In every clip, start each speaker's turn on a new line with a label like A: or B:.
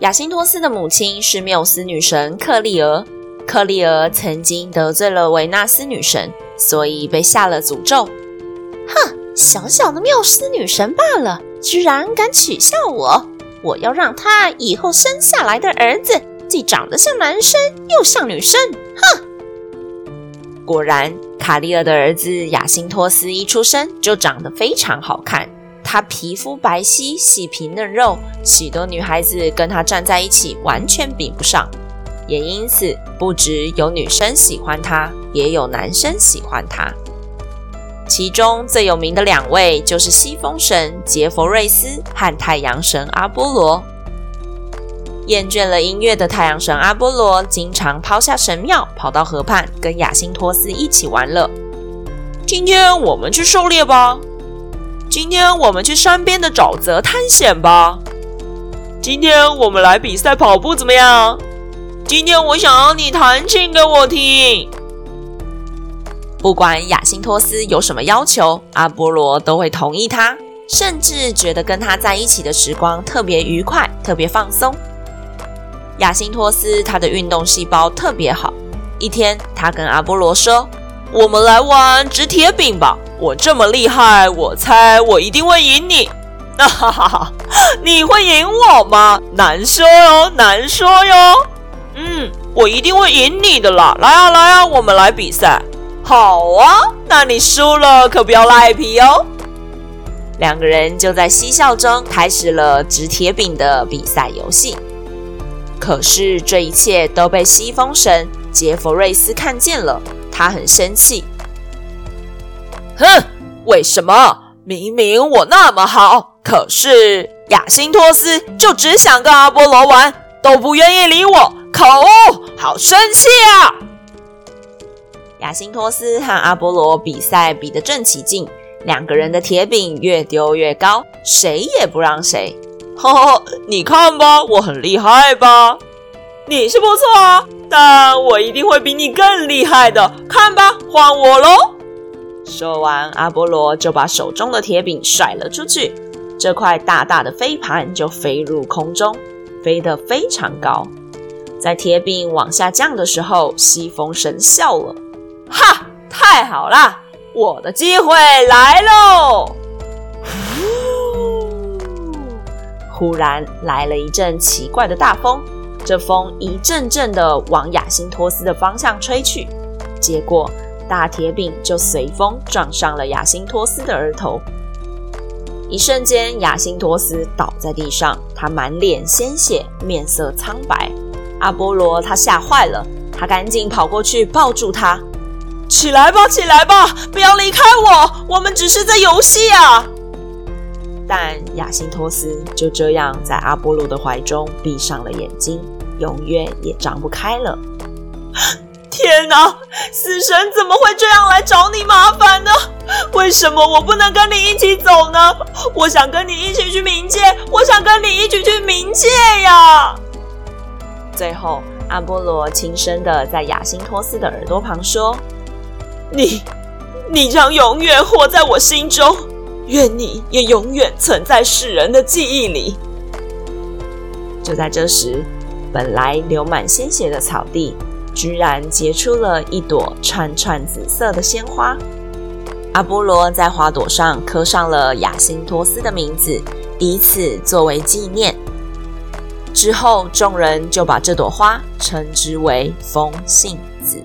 A: 雅辛托斯的母親是繆斯女神克利俄，克利爾曾經得罪了維納斯女神，所以被下了詛咒。哼，小小的繆斯女神罷了，居然敢取笑我！我要讓他以後生下來的兒子既長得像男生，又像女生。哼！果然，卡利爾的兒子雅辛托斯一出生就長得非常好看。他皮膚白皙，細皮嫩肉，許多女孩子跟他站在一起，完全比不上。也因此，不只有女生喜歡他，也有男生喜歡他。其中最有名的兩位就是西風神杰弗瑞斯和太陽神阿波羅。厭倦了音樂的太陽神阿波羅，經常拋下神廟，跑到河畔跟雅辛托斯一起玩樂。今天我們去狩獵吧。今天我們去山邊的沼澤探險吧。今天我們來比賽跑步怎麼樣？今天我想讓你彈琴給我聽。不管雅辛托斯有什麼要求，阿波羅都會同意他，甚至覺得跟他在一起的時光特別愉快、特別放鬆。雅辛托斯他的運動細胞特別好。一天，他跟阿波羅說：“我們來玩擲鐵餅吧。”我這麼厲害，我猜我一定會贏你。哈哈哈！你會贏我嗎？難說喲，難說喲。嗯，我一定會贏你的啦！來啊，來啊，我們來比賽。好啊，那你輸了可不要賴皮哦。兩個人就在嬉笑中開始了擲鐵餅的比賽遊戲。可是這一切都被西風神杰弗瑞斯看見了，他很生氣。哼，為什麼明明我那麼好，可是雅辛托斯就只想跟阿波羅玩，都不願意理我，可惡，好生氣啊！雅辛托斯和阿波羅比賽比得正起勁，兩個人的鐵餅越丟越高，誰也不讓誰。哈哈，你看吧，我很厲害吧？你是不錯啊，但我一定會比你更厲害的。看吧，換我嘍！說完，阿波羅就把手中的鐵餅甩了出去，這塊大大的飛盤就飛入空中，飛得非常高。在鐵餅往下降的時候，西風神笑了：“哈，太好啦！我的機會來嘍！”忽然來了一陣奇怪的大風，這風一陣陣的往雅辛托斯的方向吹去，結果，大鐵餅就隨風撞上了雅辛托斯的額頭，一瞬間，雅辛托斯倒在地上，他滿臉鮮血，面色蒼白。阿波羅他嚇壞了，他趕緊跑過去抱住他：“起來吧，起來吧，不要離開我，我們只是在遊戲啊！”但雅辛托斯就這樣在阿波羅的懷中閉上了眼睛，永遠也睜不開了。天哪！死神怎麼會這樣來找你麻煩呢？為什麼我不能跟你一起走呢？我想跟你一起去冥界，我想跟你一起去冥界呀！最後，阿波羅輕聲的在雅辛托斯的耳朵旁說：“你，你將永遠活在我心中，願你也永遠存在世人的記憶裡。”就在這時，本來流滿鮮血的草地。居然結出了一朵串串紫色的鮮花，阿波羅在花朵上刻上了雅辛托斯的名字，以此作為紀念。之後，眾人就把這朵花稱之為風信子。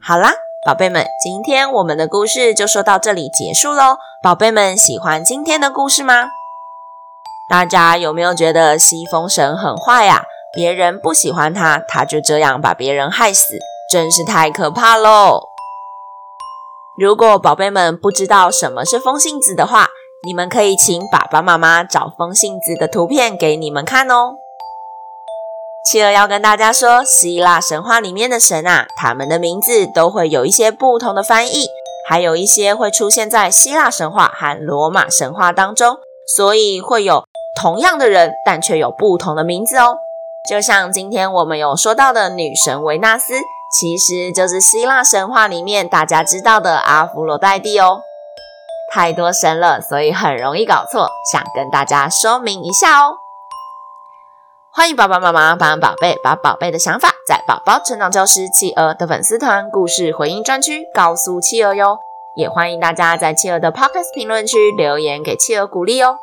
A: 好啦，寶貝們，今天我們的故事就說到這裡結束嘍。寶貝們，喜歡今天的故事嗎？大家有沒有覺得西風神很壞呀、啊？別人不喜歡他，他就這樣把別人害死，真是太可怕嘍！如果寶貝們不知道什麼是風信子的話，你們可以請爸爸媽媽找風信子的圖片給你們看哦。企鵝要跟大家說，希臘神話裡面的神啊，他們的名字都會有一些不同的翻譯，還有一些會出現在希臘神話和羅馬神話當中，所以會有同樣的人，但卻有不同的名字哦。就像今天我們有說到的女神維納斯，其實就是希臘神話裡面大家知道的阿芙羅黛蒂哦。太多神了，所以很容易搞錯，想跟大家說明一下哦。歡迎爸爸媽媽幫寶貝把寶貝的想法在寶寶成長教師企鵝的粉絲團故事回應專區告訴企鵝喲。也歡迎大家在企鵝的 podcast 評論區留言給企鵝鼓勵哦。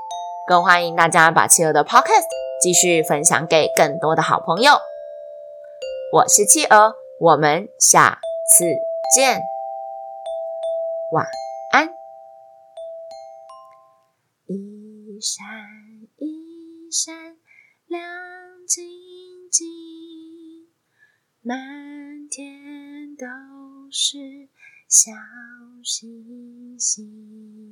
A: 更歡迎大家把企鵝的 podcast 繼續分享給更多的好朋友。我是企鵝，我們下次見。晚安。一閃一閃亮晶晶，滿天都是小星星。